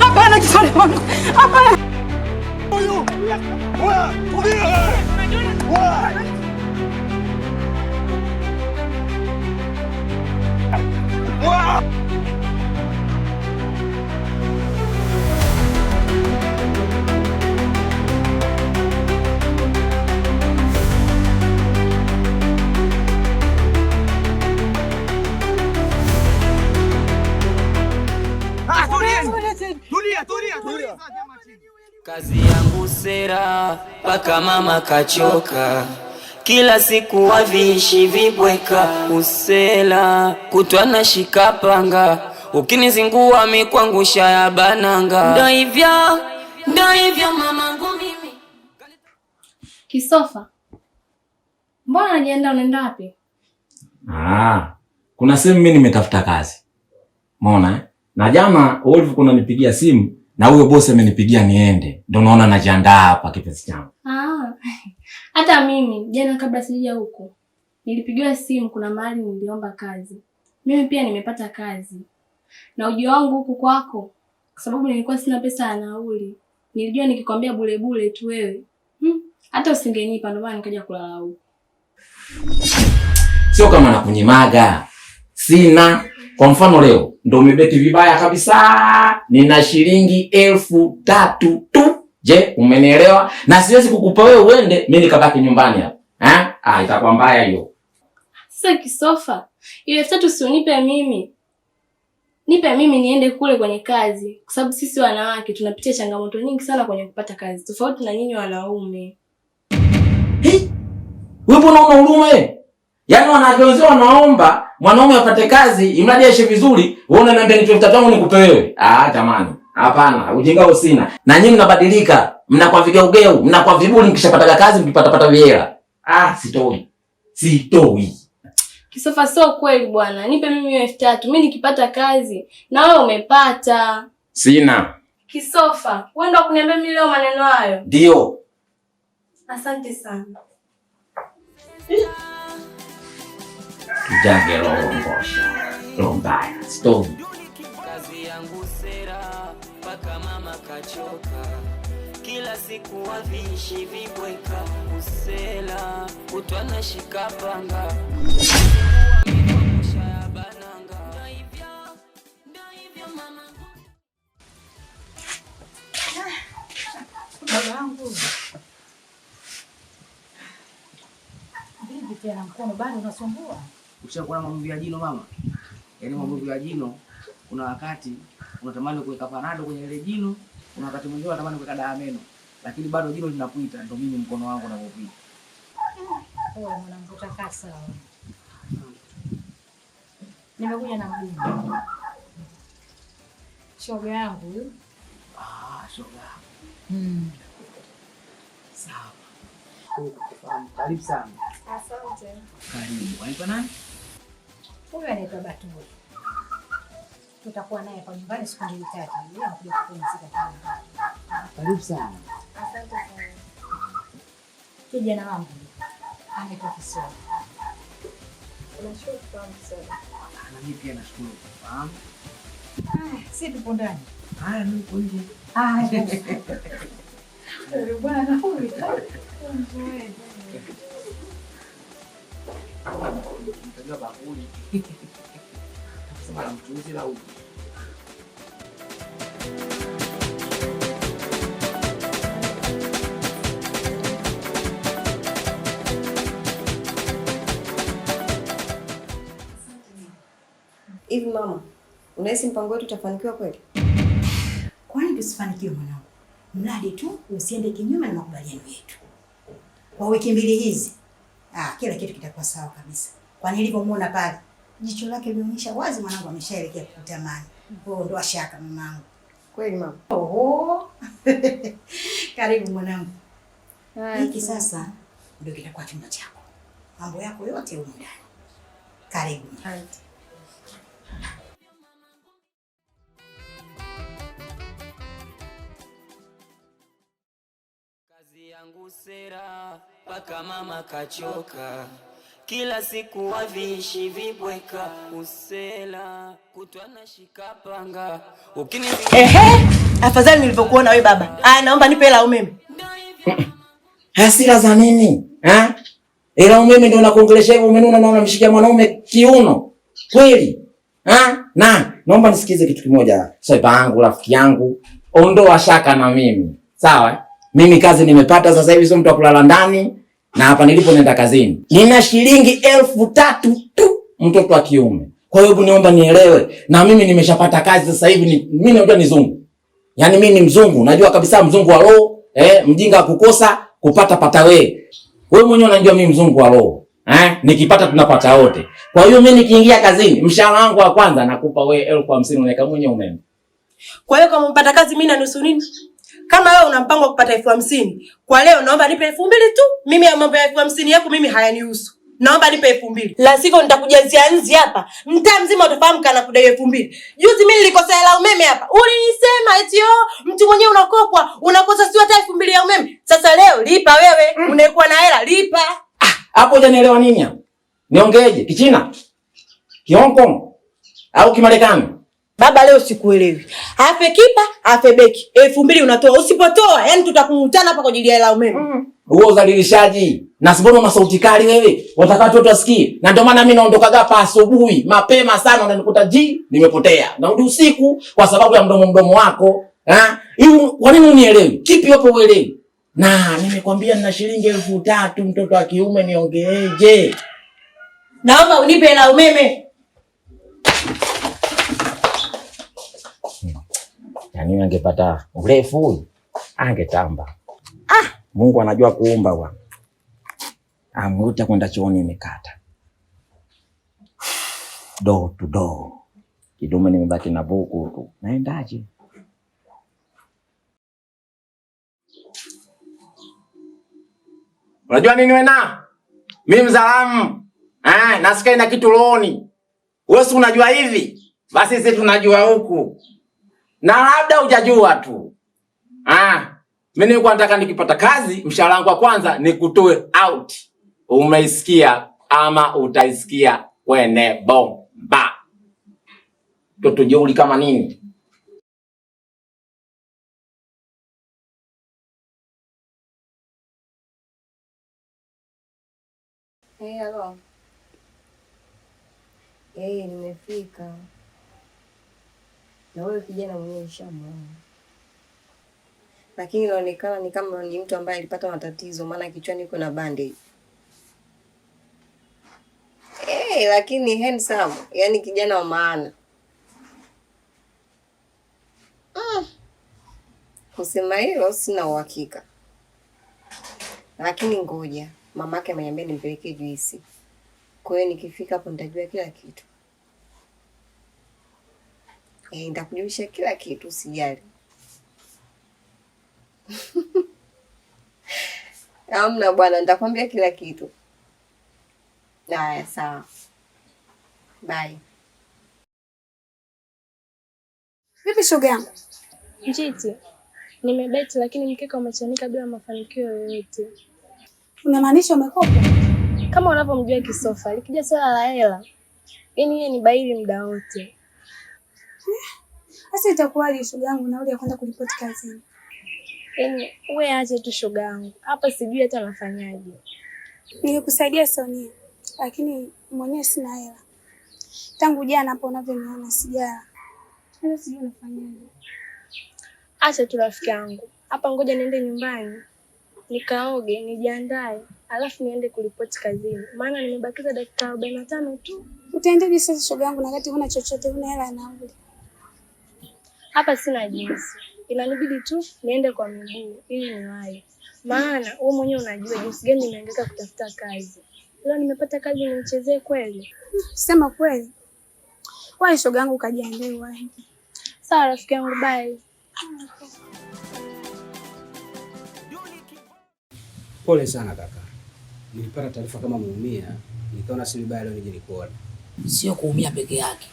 아빠는 저래만 아빠는 뭐요? 뭐야? 우리 뭐야? 뭐야? Kazi yangu sera mpaka mama kachoka, kila siku waviishi vibweka usela kutwa na shikapanga, ukinizingua mikwangusha ya bananga. Ndo hivyo ndo hivyo mamangu mimi. Kisofa, mbona unajiandaa? Unaenda wapi? Ah, kuna sehemu mimi nimetafuta kazi, umeona eh? na jama Wolf kuna nipigia simu na huyo bosi amenipigia niende, ndio naona najiandaa hapa kipesi changu. Ah, hata mimi jana kabla sijaja huko nilipigiwa simu, kuna mahali niliomba kazi. Mimi pia nimepata kazi na ujio wangu huku kwako, kwa sababu nilikuwa sina pesa ya nauli. Nilijua nikikwambia bule bule tu wewe hmm, hata usingenipa, ndio maana nikaja kulala huko. Sio kama nakunyimaga, sina. Kwa mfano leo ndo umebeti vibaya kabisa. Nina shilingi elfu tatu tu. Je, umenielewa? Na siwezi kukupa wewe uende, mimi nikabaki nyumbani hapa eh. Ah, itakuwa mbaya hiyo. Sasa kisofa, ile elfu tatu si mimi, nipe mimi niende kule kwenye kazi, kwa sababu sisi wanawake tunapitia changamoto nyingi sana kwenye kupata kazi, tofauti na nyinyi wanaume. Wewe mbona una huruma? Yaani wanawake wanaomba mwanaume apate kazi, imradi aishi vizuri, uone nambia ni tafuta tangu nikupe wewe. Ah, jamani. Hapana, ujinga usina. Na nyinyi mnabadilika, mnakuwa vigeugeu, mnakuwa vibuli mkishapata kazi mkipata pata vihela. Ah, sitoi. Sitoi. Kisofa, sio kweli bwana. Nipe mimi elfu tatu. Mimi nikipata kazi na wewe umepata. Sina. Kisofa, wewe ndo kuniambia mimi leo maneno hayo. Ndio. Asante sana. Njage Lowongosha Lombaya Storm. Kazi yangu sera mpaka mama kachoka, kila siku wavishi vibweka usela utwana shikapanga Vipi tena mkono bado unasumbua? Ukishakuwa na maumivu ya jino mama, yaani maumivu ya jino, kuna wakati unatamani kuweka panado kwenye ile jino, kuna wakati mwingine unatamani kuweka dawa meno, lakini bado jino linakuita. Ndio mimi mkono wangu unavyopita. Pole mwanangu, utakaa sawa. Nimekuja na mjumbe, shoga yangu huyu. Ah, shoga. Mm. Sawa. Karibu sana. Asante. Karibu. nani? Huyu anaitwa Batuli, tutakuwa naye kwa nyumbani siku mbili tatu, anakuja kupumzika. Karibu sana. Asante sana. Kijana wangu anaitwa Kisoro. sana. Na mimi pia nashukuru kufahamu. Si tupo ndani. Haya, ah, nje. Ah, Bwana, huyu. Mtajua bakuli mchuzi la uji. Hivi mama, unahisi mpango wetu utafanikiwa kweli? Kwani tusifanikiwe mwanangu, mradi tu usiende kinyume na makubaliano yetu. Kwa wiki mbili hizi ah, kila kitu kitakuwa sawa kabisa. Kwa nilivyomuona pale, jicho lake lilionyesha wazi mwanangu ameshaelekea kutamani. Kwa hiyo ndo ashaka mamangu. Kweli mama. Oho. Karibu mwanangu. Hiki sasa ndio kitakuwa chumba chako. Mambo yako yote huko ndani. Karibu. Asante. Tangu sera mpaka mama kachoka, kila siku waviishi vibweka usela kutwa na shikapanga ukini. Ehe, afadhali nilivyokuona wewe baba. Aya, naomba nipe hela umeme. Hasira za nini ha? Hela umeme ndio nakuongelesha hivyo, umenuna na unamshikia mwanaume kiuno kweli ha? Na naomba nisikize kitu kimoja, sasa bangu rafiki yangu, ondoa shaka na mimi sawa mimi kazi nimepata sasa hivi, sio mtu wa kulala ndani, na hapa nilipo nenda kazini nina shilingi elfu tatu tu, mtoto wa kiume. Kwa hiyo niomba nielewe, na mimi nimeshapata kazi sasa hivi ni, mimi najua ni zungu, yani mimi ni mzungu, najua kabisa mzungu wa roho eh, mjinga kukosa kupata pata we. wewe mwenyewe unajua mimi mzungu wa roho eh, nikipata tunapata wote. Kwa hiyo mimi nikiingia kazini, mshahara wangu wa kwanza nakupa wewe elfu hamsini, unaweka mwenyewe umeme. Kwa hiyo kama mpata kazi mimi na nusu nini? Kama wewe una mpango wa kupata elfu hamsini kwa leo, naomba nipe elfu mbili tu. Mimi ya mambo ya elfu hamsini yako mimi hayanihusu. Naomba nipe elfu mbili la sivyo nitakujazia nzi hapa, mtaa mzima utafahamu kana kudai elfu mbili. Juzi mimi nilikosa hela umeme hapa, ulinisema eti oh, mtu mwenyewe unakopwa unakosa si hata elfu mbili ya umeme. Sasa leo lipa wewe, mm. unaikuwa na hela lipa ah, hapo. Ah, Hujanielewa nini hapo? Niongeeje? Kichina, Kihong au Kimarekani? Baba leo sikuelewi. Afe kipa, afe beki. Elfu mbili unatoa. Usipotoa, yani tutakutana hapa kwa ajili ya hela umeme. Mm. Huo udhalilishaji. Na sibona una sauti kali wewe. Watakati watu wasikie. Na ndio maana mimi naondoka hapa asubuhi, mapema sana na nikuta ji nimepotea. Na ndio usiku kwa sababu ya mdomo mdomo wako. Ha? Hiyo kwa nini unielewi? Kipi hapo uelewi? Na nimekwambia nina shilingi elfu tatu mtoto wa kiume niongeeje? Naomba unipe hela umeme. Yani angepata urefu angetamba. Ah, Mungu anajua kuumba bwana. Amruta kwenda chooni imekata. Do to do. Kidume nimebaki na buku tu. Naendaje? Unajua nini wena? Mimi mzalamu. eh, nasikia na kitu loni. Wewe unajua hivi? Basi sisi tunajua huku na labda hujajua tu. Ah, mimi nilikuwa nataka nikipata kazi, mshahara wangu wa kwanza ni kutoe out. Umeisikia ama utaisikia kwene bomba. Toto jeuli kama nini? Hey, hello. Hey, nimefika na wewe kijana mwenyewe ushamwona, lakini inaonekana ni kama ni mtu ambaye alipata matatizo, maana kichwani uko na bandage. Hey, eh, lakini handsome, yaani kijana wa maana mm. Kusema hilo sina uhakika, lakini ngoja mamake ameniambia nimpelekee juisi, kwa hiyo nikifika hapo nitajua kila kitu. Eh, nitakujulisha kila kitu usijali. Hamna bwana, nitakwambia kila kitu. Haya, sawa. Bye. Vipi shoga yangu? Njiti, nimebeti lakini mkeka umechanika bila mafanikio yoyote. Unamaanisha umekopa? Kama unavyomjua Kisofa, likija swala la hela, yaani yeye ni baili muda wote. Sasa itakuwaje shoga yangu nauli ya kwenda kuripoti kazini? Yaani wewe acha tu shoga yangu. Hapa sijui hata nafanyaje. Nilikusaidia Sonia, lakini mwenyewe sina hela. Tangu jana hapo unavyoniona sijala. Sasa sijui nafanyaje. Acha tu rafiki yangu. Hapa ngoja niende nyumbani. Nikaoge, nijiandae, alafu niende kuripoti kazini. Maana nimebakiza dakika arobaini na tano tu. Utaendaje sasa shoga yangu na wakati huna chochote, huna hela na nauli? Hapa sina jinsi, inanibidi tu niende kwa miguu ili niwahi, maana wewe mwenyewe unajua jinsi gani nimeangaika kutafuta kazi. Leo nimepata kazi, nimchezee kweli? Sema kweli. Wahi shoga yangu, kajiandae wahi. Sawa rafiki yangu, bye. Pole sana kaka, nilipata taarifa kama umeumia, nikaona si vibaya leo nije nikuone. Sio kuumia peke yake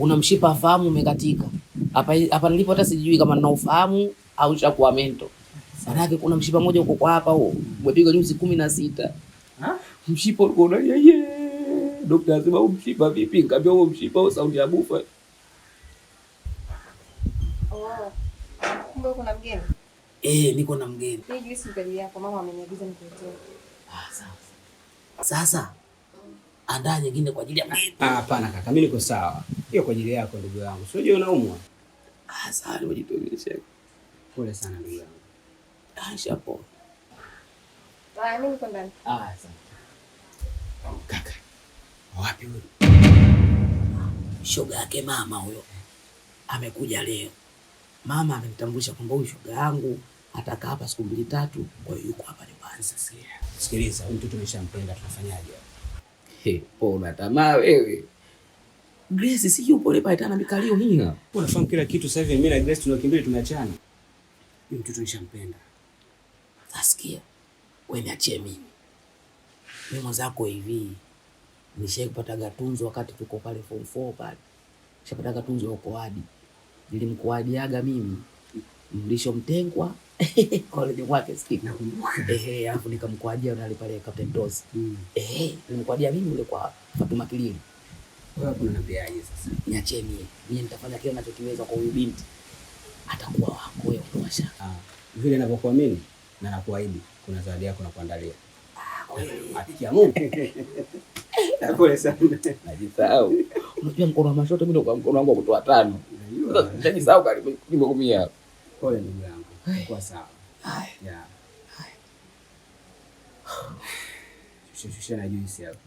una mshipa fahamu umekatika. Hapa hapa nilipo hata sijui kama nina ufahamu au cha kuwa mento. yake kuna mshipa mmoja uko kwa hapa huo, umepigwa nyuzi kumi na sita. Ha? Mshipa uko na yeye. Daktari anasema huu mshipa vipi? Nikamwambia huo mshipa au sauti ya bufa. Oh. Kumbe kuna mgeni. Eh, niko na mgeni. Hii juisi kwa yako, mama ameniagiza nikuletee. Ah, sawa. Sasa andaa nyingine kwa ajili ya mimi. ah, hapana kaka, mimi niko sawa. Hiyo kwa ajili yako ndugu yangu, sio je, unaumwa? Ah, sawa, nimejipimia shaka. Pole sana ndugu yangu. Ah, shapo. Bye, mimi niko ndani. Ah, sawa. Oh, kaka, wapi wewe? Shoga yake mama huyo. Amekuja leo. Mama amenitambulisha kwamba huyu shoga yangu atakaa hapa siku mbili tatu, kwa hiyo yuko hapa nyumbani sasa. Sikiliza, huyu mtoto umeshampenda, tunafanyaje? pona tamaa wewe. Grace si yupo ile pale tena mikalio hii. Wewe unafahamu kila kitu sasa hivi mimi na Grace tunakimbia tunaachana. Yule mtoto nishampenda. Nasikia. Wewe niachie mimi. Mimi zako hivi. Nishai kupata gatunzo wakati tuko pale form 4 pale. Nishapata gatunzo huko hadi. Nilimkuadiaga mimi mlisho mtengwa college kwake eh, alafu nikamkuadia pale Captain Dos mm. eh, mimi ule kwa Fatuma Kilili. Wewe kuna sasa? Niachie mie, mie nitafanya kile ninachokiweza kwa huyu binti, atakuwa wako wewe kuwasha ah, vile ninavyokuamini na nakuahidi, kuna zawadi yako nakuandalia. Ah, Najisahau. Unajua mkono wa mashoto mimi ndio mkono wangu wa kutoa tano. Najisahau karibu 10 hapo. Pole ndugu yangu, kwa sawa. Haya, shusha na juisi hapo.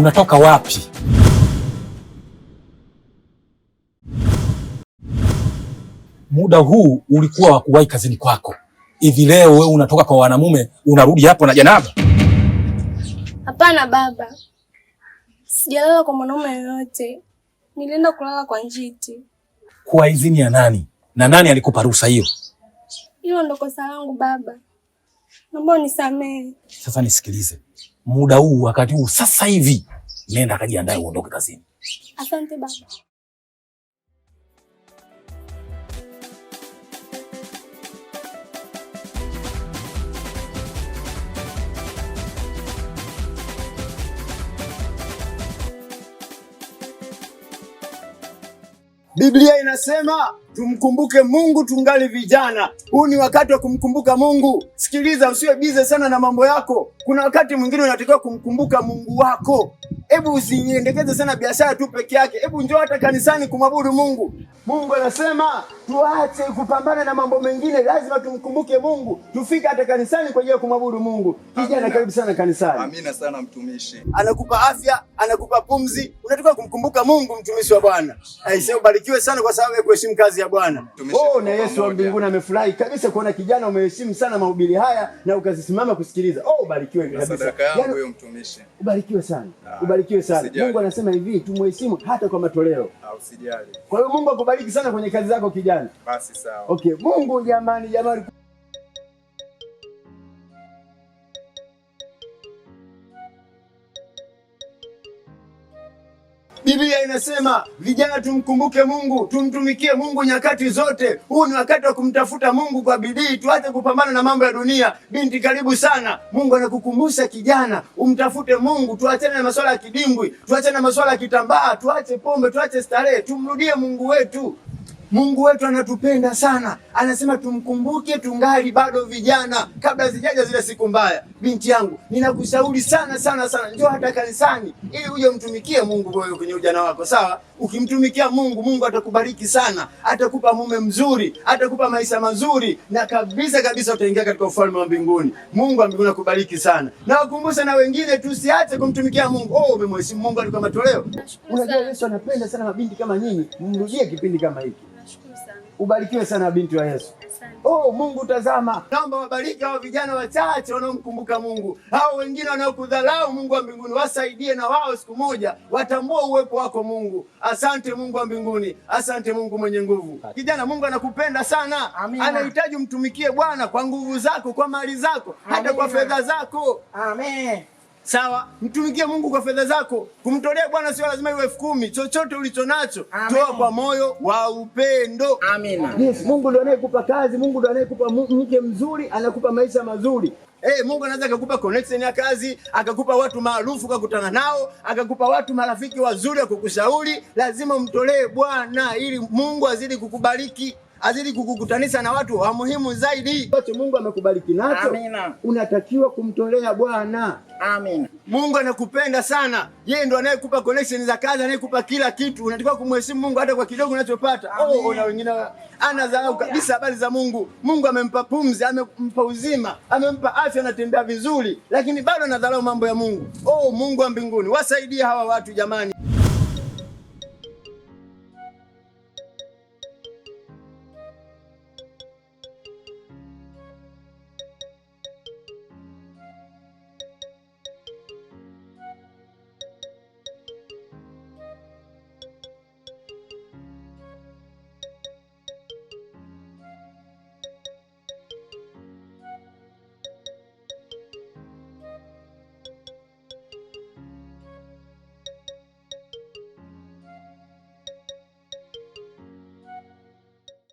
unatoka wapi? Muda huu ulikuwa wa kuwahi kazini kwako, hivi leo wewe unatoka kwa wanamume unarudi hapo na janaba? Hapana baba, sijalala kwa mwanaume yoyote, nilienda kulala kwa njiti. Kwa idhini ya nani na nani alikupa ruhusa hiyo? Hilo ndo kosa langu baba, naomba unisamehe. Sasa nisikilize, muda huu, wakati huu, sasa hivi, nenda kajiandae uondoke kazini. Asante baba. Biblia inasema Tumkumbuke Mungu tungali vijana. Huu ni wakati wa kumkumbuka Mungu. Sikiliza, usiwe bize sana na mambo yako. Kuna wakati mwingine unatakiwa kumkumbuka Mungu wako. Hebu usiendekeze sana biashara tu peke yake. Hebu njoo hata kanisani kumwabudu Mungu. Mungu anasema tuache kupambana na mambo mengine, lazima tumkumbuke Mungu, tufike hata kanisani kwa ajili ya kumwabudu Mungu. Kijana, karibu sana kanisani. Amina sana mtumishi, anakupa afya, anakupa pumzi, unatakiwa kumkumbuka Mungu, mtumishi wa Bwana. Aisee, ubarikiwe sana kwa sababu ya kuheshimu kazi ya Bwana. Oh, na Yesu wa mbinguni amefurahi kabisa kuona kijana umeheshimu sana mahubiri haya na ukazisimama kusikiliza. Oh, ubarikiwe kabisa. Yaani huyo mtumishi. Ubarikiwe sana. Ah, ubarikiwe sana. Usijali. Mungu anasema hivi, tumheshimu hata kwa matoleo. Ah, usijali. Kwa hiyo Mungu akubariki sana kwenye kazi zako kijana. Basi sawa. Okay, Mungu jamani jamani Biblia inasema vijana, tumkumbuke Mungu, tumtumikie Mungu nyakati zote. Huu ni wakati wa kumtafuta Mungu kwa bidii, tuache kupambana na mambo ya dunia. Binti, karibu sana. Mungu anakukumbusha kijana, umtafute Mungu, tuachane na masuala ya kidimbwi, tuachane na masuala ya kitambaa, tuache pombe, tuache starehe, tumrudie Mungu wetu. Mungu wetu anatupenda sana, anasema tumkumbuke tungali bado vijana, kabla zijaja zile siku mbaya. Binti yangu, ninakushauri sana sana sana, njoo hata kanisani ili uje mtumikie Mungu kwa kwenye ujana wako, sawa? Ukimtumikia Mungu, Mungu atakubariki sana, atakupa mume mzuri, atakupa maisha mazuri, na kabisa kabisa utaingia katika ufalme wa mbinguni. Mungu wa mbinguni akubariki sana, na wakumbusha na wengine, tusiache kumtumikia Mungu. Oh, umemheshimu Mungu alikuwa matoleo. Unajua Yesu anapenda sana mabinti kama nyinyi, mrudie kipindi kama hiki. Ubarikiwe sana binti wa Yesu. Oh, Mungu tazama, naomba wabariki hao vijana wachache wanaomkumbuka Mungu. Hao wengine wanaokudharau Mungu wa mbinguni, wasaidie na wao siku moja watambua uwepo wako Mungu. Asante Mungu wa mbinguni, asante Mungu mwenye nguvu. Kijana, Mungu anakupenda sana, anahitaji umtumikie Bwana kwa nguvu zako, kwa mali zako, hata kwa fedha zako Amen. Sawa, mtumikie Mungu kwa fedha zako. Kumtolea Bwana sio lazima iwe elfu kumi. Chochote ulicho nacho toa kwa moyo wa upendo. Amina. Yes, Mungu ndo anayekupa kazi, Mungu ndo anayekupa mke mzuri, anakupa maisha mazuri. Hey, eh, Mungu anaweza akakupa connection ya kazi, akakupa watu maarufu kakutana nao, akakupa watu marafiki wazuri wa kukushauri. Lazima umtolee Bwana ili Mungu azidi kukubariki azidi kukukutanisha na watu wa muhimu zaidi. Ambacho Mungu amekubariki nacho, amina, unatakiwa kumtolea Bwana. Amina. Mungu anakupenda sana, yeye ndo anayekupa connection za kazi, anayekupa kila kitu. Unatakiwa kumheshimu Mungu hata kwa kidogo unachopata. Oh, na wengine anadharau kabisa habari za Mungu. Mungu amempa pumzi, amempa uzima, amempa afya, anatembea vizuri, lakini bado anadharau mambo ya Mungu. Oh, Mungu wa mbinguni, wasaidie hawa watu jamani.